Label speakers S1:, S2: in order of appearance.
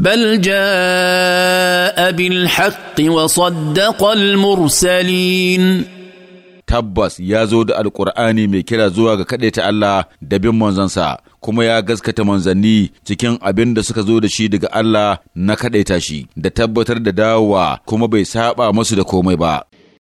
S1: بل جاء بالحق وصدق المرسلين tabbas ya zo da alkur'ani mai kira zuwa ga kaɗaita Allah da bin manzansa kuma ya gaskata manzanni cikin abin da suka zo da shi daga Allah na kaɗaita shi da tabbatar da dawowa kuma bai saɓa masu da komai ba